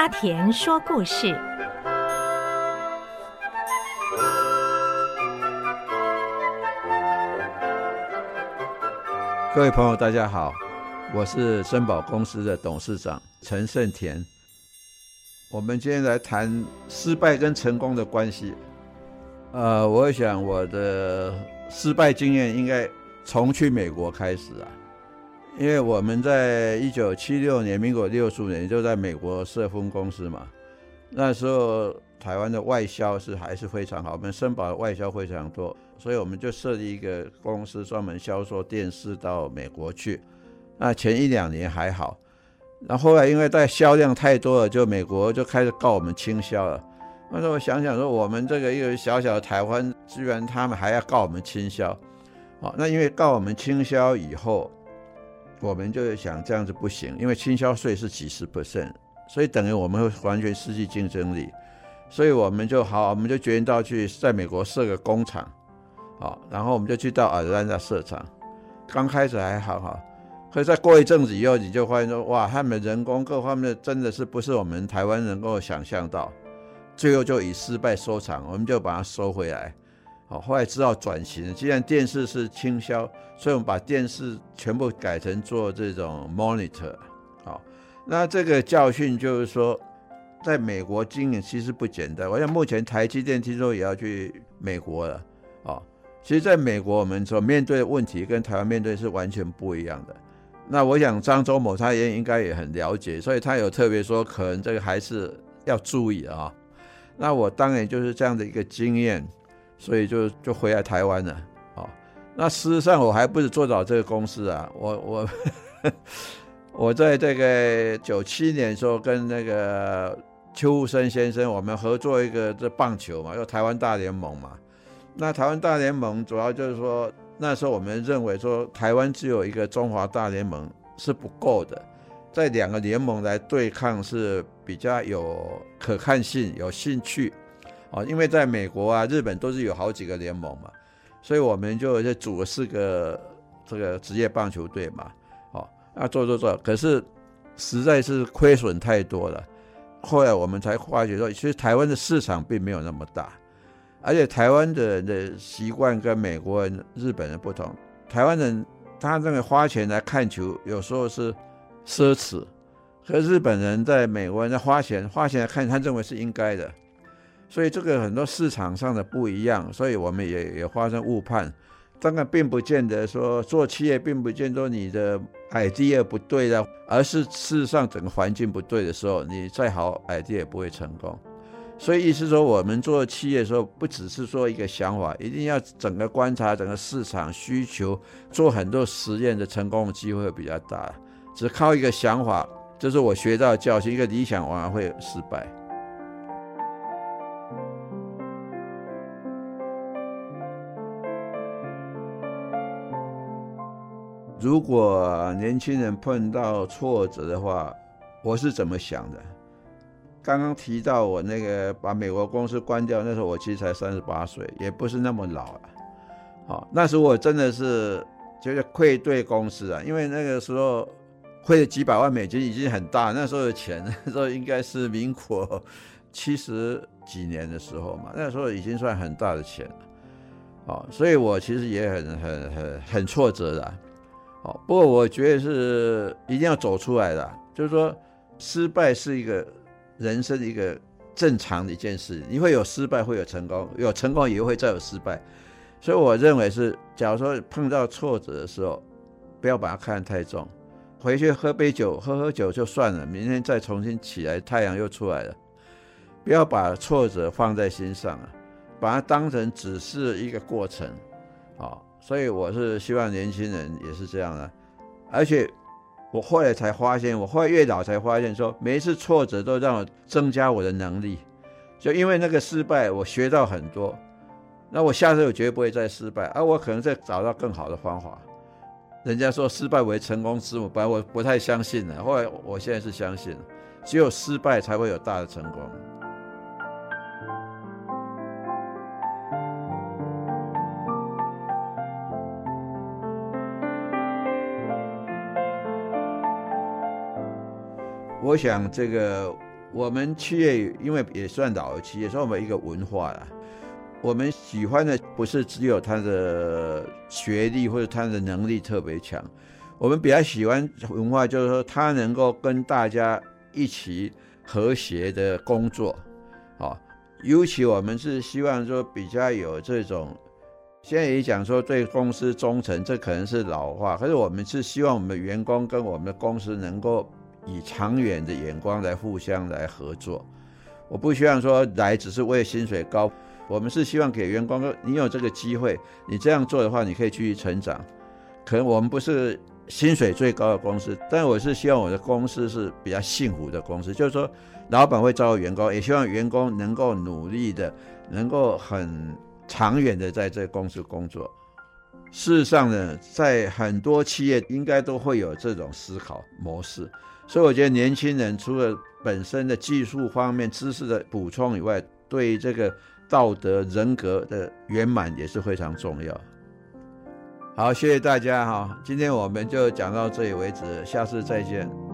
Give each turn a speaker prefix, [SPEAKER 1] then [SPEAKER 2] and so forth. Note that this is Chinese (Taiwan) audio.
[SPEAKER 1] 阿沺說故事。各位朋友，大家好，我是森寶公司的董事長陳勝田。我們今天來談失敗跟成功的關係。呃，我想我的失敗經驗應該從去美國開始啊。因為我們在一九七六年，民國六十五年，就在美國設分公司嘛。那時候台灣的外銷是還是非常好，我們聲寶的外銷非常多，所以我們就設立一個公司，專門銷售電視到美國去。那前一兩年還好，然後，後來因為在銷量太多了，就美國就開始告我們傾銷了。那時候我想想說，我們這個一個小小的台灣，居然他們還要告我們傾銷，哦，那因為告我們傾銷以後。我們就會想這樣子不行，因為傾銷稅是幾十 percent，所以等於我們會完全失去競爭力，所以我們就好，我們就決定到去在美國設個工廠，好，然後我們就去到亞特蘭大設廠，剛開始還好哈，可是再過一陣子以後，你就發現說，哇，他們人工各方面真的是不是我們台灣能夠想象到，最後就以失敗收場，我們就把它收回來。哦，後來知道轉型，既然電視是傾銷，所以我們把電視全部改成做這種 monitor、哦。好，那這個教訓就是說，在美國經營其實不簡單。我想目前台積電聽說也要去美國了。啊、哦，其實在美國我們所面對的問題跟台灣面對是完全不一樣的。那我想張忠謀他也應該也很了解，所以他有特別說可能這個還是要注意啊、哦。那我當然就是這樣的一個經驗。所以就就回來台灣了，哦，那事實上我還不是做早這個公司啊，我我 我在這個九七年時候跟那個邱武生先生，我們合作一個這棒球嘛，又、就是、台灣大聯盟嘛，那台灣大聯盟主要就是說那時候我們認為說台灣只有一個中華大聯盟是不夠的，在兩個聯盟來對抗是比較有可看性、有興趣。哦，因為在美國啊、日本都是有好幾個聯盟嘛，所以我們就就組了四個這個職業棒球隊嘛，啊那做做做，可是實在是虧損太多了。後來我們才發覺到，其實台灣的市場並沒有那麼大，而且台灣的人的習慣跟美國人、日本人不同。台灣人他認為花錢來看球有時候是奢侈，可是日本人在美國人在花錢花錢來看他認為是應該的。所以這個很多市場上的不一樣，所以我們也也發生誤判。當然，並不見得說做企業，並不見得你的 idea 不對的啊，而是事實上整個環境不對的時候，你再好 idea 也不會成功。所以意思說，我們做企業的時候，不只是說一個想法，一定要整個觀察整個市場需求，做很多實驗的成功的機會會比較大。只靠一個想法，就是我學到的教訓。一個理想往往會失敗。如果、啊、年輕人碰到挫折的話，我是怎麼想的？剛剛提到我那個把美國公司關掉，那時候我其實才三十八歲，也不是那麼老了、啊。好、哦，那時候我真的是覺得愧對公司啊，因為那個時候虧了幾百萬美金已經很大，那時候的錢，那時候應該是民國七十幾年的時候嘛，那時候已經算很大的錢了。哦，所以我其實也很很很很挫折的、啊。好，不過我覺得是一定要走出來的，就是說，失敗是一個人生一個正常的一件事，你會有失敗，會有成功，有成功也會再有失敗，所以我認為是，假如說碰到挫折的時候，不要把它看得太重，回去喝杯酒，喝喝酒就算了，明天再重新起來，太陽又出來了，不要把挫折放在心上啊，把它當成只是一個過程，好。所以我是希望年輕人也是這樣的、啊，而且我後來才發現，我後來越老才發現說，說每一次挫折都讓我增加我的能力，就因為那個失敗，我學到很多，那我下次我絕對不會再失敗，而、啊、我可能再找到更好的方法。人家說失敗為成功之母，本來我不太相信的，後來我現在是相信了，只有失敗才會有大的成功。我想，這個我們企業，因為也算老企業，算我們一個文化啦。我們喜歡的不是只有他的學歷或者他的能力特別強，我們比較喜歡文化，就是說他能夠跟大家一起和諧的工作啊、哦。尤其我們是希望說比較有這種，現在也講說對公司忠誠，這可能是老話，可是我們是希望我們員工跟我們的公司能夠。以長遠的眼光來互相來合作，我不希望說，來只是為薪水高，我們是希望給員工，你有這個機會，你這樣做的話，你可以繼續成長。可能我們不是薪水最高的公司，但我是希望我的公司是比較幸福的公司，就是說老闆會照顧員工，也希望員工能夠努力的，能夠很長遠的在這個公司工作。事實上呢，在很多企業應該都會有這種思考模式，所以我覺得年輕人除了本身的技術方面知識的補充以外，對於這個道德人格的圓滿也是非常重要。好，謝謝大家哈，今天我們就講到這裡為止，下次再見。